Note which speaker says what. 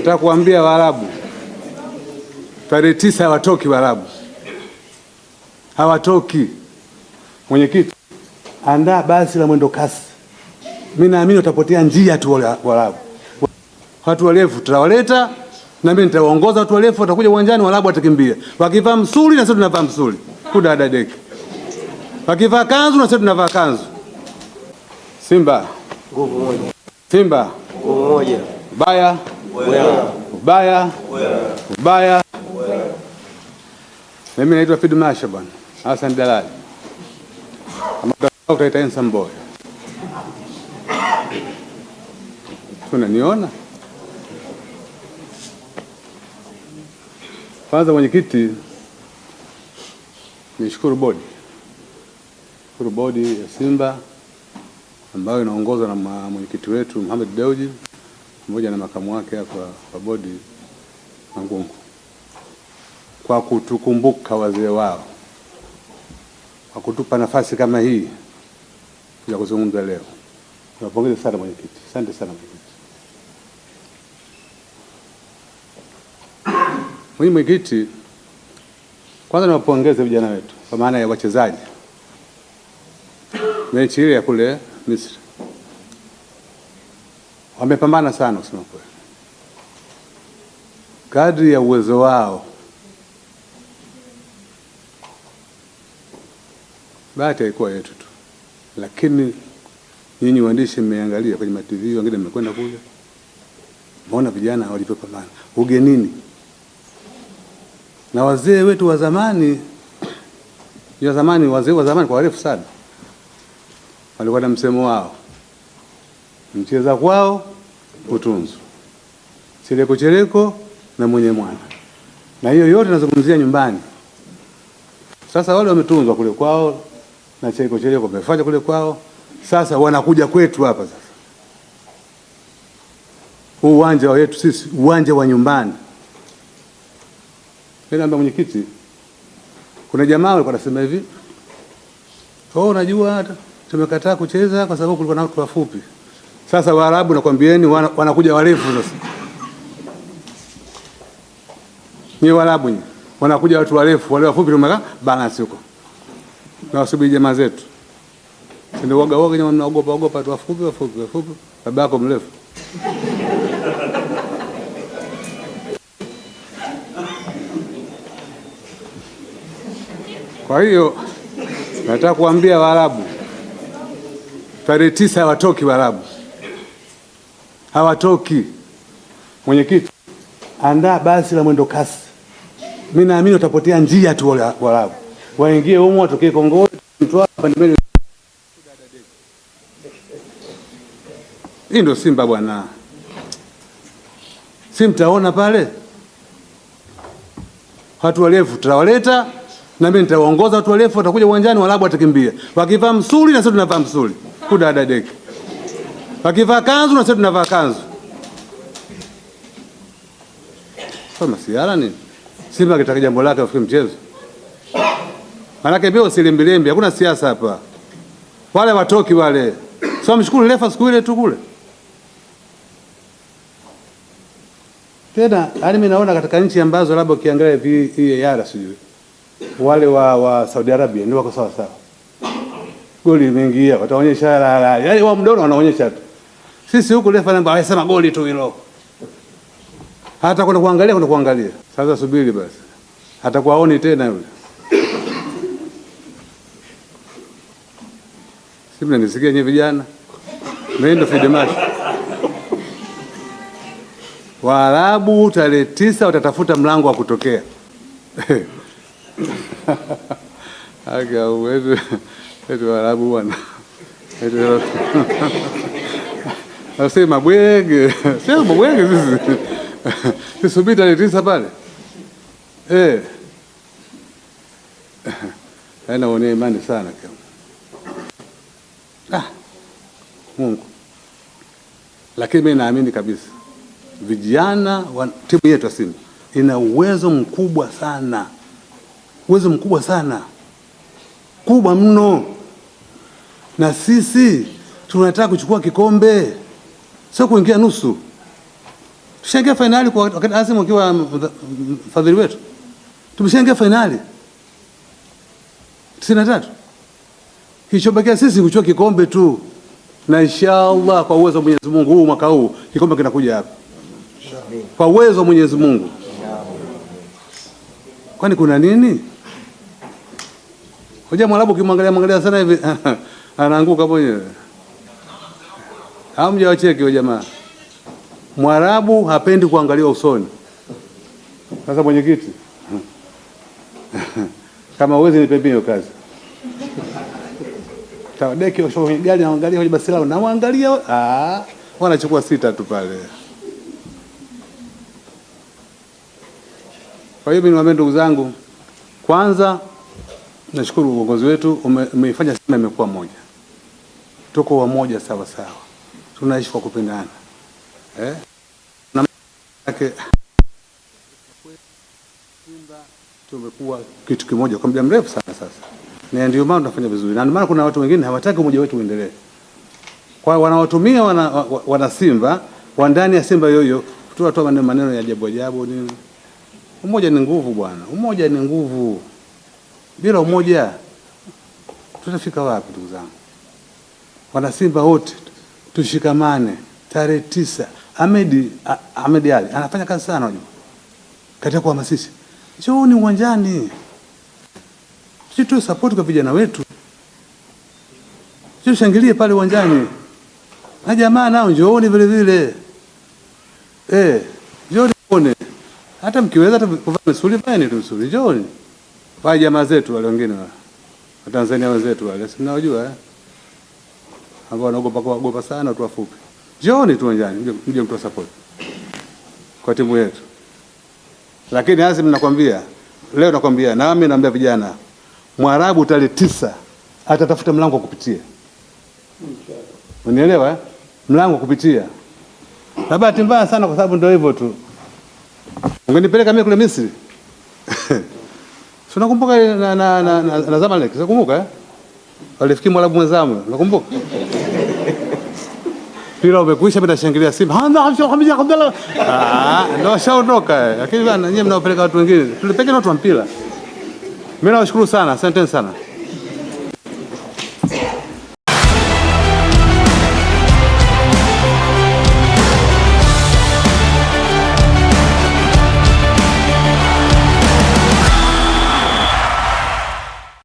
Speaker 1: Nataka kuambia Waarabu, tarehe tisa hawatoki Waarabu, hawatoki. Mwenyekiti, andaa basi la mwendo kasi, mi naamini watapotea njia tu Waarabu. Watu warefu tutawaleta na mimi nitawaongoza watu warefu, watakuja uwanjani, Waarabu watakimbia wakivaa msuli, na sisi tunavaa msuli, deki wakivaa kanzu, na sisi tunavaa kanzu. Simba nguvu moja, Simba nguvu moja, baya ubaya ubaya. Mimi naitwa Fidu Masha bwana Hassan Dalali Mboya, tunaniona kwanza. Mwenyekiti, nishukuru bodi, shukuru bodi ya Simba ambayo inaongozwa na mwenyekiti wetu Mohamed Deuji pamoja na makamu wake hapa kwa bodi Mangungu kwa kutukumbuka wazee wao, kwa kutupa nafasi kama hii ya kuzungumza leo. Niwapongeze sana mwenyekiti, asante sana mwenyekiti. Mwenye mwenyekiti, kwanza niwapongeze vijana wetu kwa maana ya wachezaji mechi ile ya kule Misri wamepambana sana kusema kweli, kadri ya uwezo wao. Bahati haikuwa yetu tu, lakini nyinyi waandishi mmeangalia kwenye matv wengine mmekwenda kule, maona vijana walivyopambana ugenini na wazee wetu wa zamani ya zamani, wazee wa zamani kwa warefu sana, walikuwa na msemo wao, mcheza kwao utunzu, Cherekochereko na mwenye mwana, na hiyo yote nazungumzia nyumbani. Sasa wale wametunzwa kule kwao na Cherekochereko wamefanya kule kwao, sasa wanakuja kwetu hapa. Sasa huu uwanja wetu sisi, uwanja wa nyumbani. Naomba mwenyekiti, kuna jamaa walikuwa anasema hivi, oh, unajua tumekataa kucheza kwa sababu kulikuwa na watu wafupi. Sasa Waarabu nakwambieni, wanakuja wana warefu sasa. Ni Waarabu wanakuja watu warefu, wale wafupi tumeka balance huko. Nawasubiri jamaa zetu. Sio woga waga jamaa mnaogopa ogopa tu, wafupi wafupi wafupi, babako mrefu. Kwa hiyo nataka kuambia Waarabu tarehe tisa watoki Waarabu hawatoki. Mwenyekiti, andaa basi la mwendo kasi, mi naamini watapotea njia tu, walau waingie humo, watokee Kongowe, Mtwara. Hii ndio Simba bwana, si mtaona pale watu warefu tutawaleta na mimi nitawaongoza watu warefu, watakuja uwanjani, walabu watakimbia, wakivaa msuli na sisi tunavaa msuli, kudada deki wakivaa kanzu na sisi tunavaa kanzu. Sasa masiara ni Simba akitaka jambo lake afike mchezo. Manake bio silimbilimbi, hakuna siasa hapa. Wale watoki wale. Sio mshukuru refa siku ile tu kule. Tena hadi yaani mimi naona katika nchi ambazo labda ukiangalia hivi hii yara sijui. Wale wa, wa Saudi Arabia ndio wako sawa sawa. Goli imeingia, wataonyesha la la. Yaani wao mdono wanaonyesha tu. Sisi huku refa namba goli tu hilo, hata kwenda kuangalia kwenda kuangalia. Sasa subiri basi, hatakuwa aoni tena yule. Si mnanisikia nyinyi vijana, mendo fidemashi. Waarabu tarehe tisa watatafuta mlango wa kutokea Waarabu bwana Asee mabwege, sio mabwege sisi. Sisi bita tisa pale. Eh. Haina yaani wone imani sana kama. Ah. Mungu. Lakini mimi naamini kabisa. Vijana wa timu yetu ya Simba ina uwezo mkubwa sana. Uwezo mkubwa sana. Kubwa mno. Na sisi tunataka kuchukua kikombe sio kuingia nusu. Tushaingia fainali kwa wakati Azam akiwa mfadhili wetu, tumeshaingia fainali tisini na tatu. Kilichobakia sisi kuchukua kikombe tu, na inshallah kwa uwezo wa Mwenyezi Mungu huu mwaka huu kikombe kinakuja hapa kwa uwezo wa Mwenyezi Mungu. Kwani kuna nini? Hoja Mwarabu ukimwangalia mwangalia sana hivi anaanguka mwenyewe au wacheki wa jamaa? Mwarabu hapendi kuangaliwa usoni. Sasa mwenyekiti, kama uwezi nipe hiyo kazi tawadeki washo kwenye gari, naangalia kwenye basi lao, nawaangalia wanachukua ah, sita tu pale. Kwa hiyo niwaambie ndugu zangu, kwanza nashukuru uongozi wetu umeifanya Sema imekuwa moja, tuko wamoja sawa sawa tunaishi kwa kupendana eh? na yake Simba tumekuwa kitu kimoja kwa muda mrefu sana sasa, na ndio maana tunafanya vizuri, na ndio maana kuna watu wengine hawataki umoja wetu uendelee, kwa wanaotumia wana, wana Simba wa ndani ya Simba yoyo kutoa toa maneno ya ajabu ajabu nini. Umoja ni nguvu bwana, umoja ni nguvu. Bila umoja tutafika wapi ndugu zangu? Wana Simba wote tushikamane. Tarehe tisa Ahmed ah, Ahmed Ali anafanya kazi sana, unajua katika kuhamasisha, ni uwanjani, sisi tu support kwa vijana wetu, sisi shangilie pale uwanjani, na jamaa nao njooni vile vile, eh, njooni muone, hata mkiweza hata kuvaa misuli vaeni tu misuli, njooni vaa jamaa zetu wale wengine wa Tanzania wenzetu wale, si mnawajua eh? ambao wanaogopa kwa wagopa sana watu wafupi, Jioni tu uwanjani mje mtoa support kwa timu yetu. Lakini Azam, nakwambia leo, nakwambia nami naambia vijana, Mwarabu tarehe tisa atatafuta mlango wa kupitia, unielewa, eh? mlango wa kupitia. Na bahati mbaya sana, kwa sababu ndio hivyo tu, ungenipeleka mimi kule Misri Unakumbuka na na na, na, na Zamalek? eh? Walifikia mwalabu mwenzangu. nakumbuka mpira umekwisha, mtashangilia Simba, hamja Abdalla, ndio washaondoka. Lakini bana, nyinyi mnawapeleka watu wengine, tulipeke na watu wa mpira. Mimi nawashukuru sana, asanteni sana.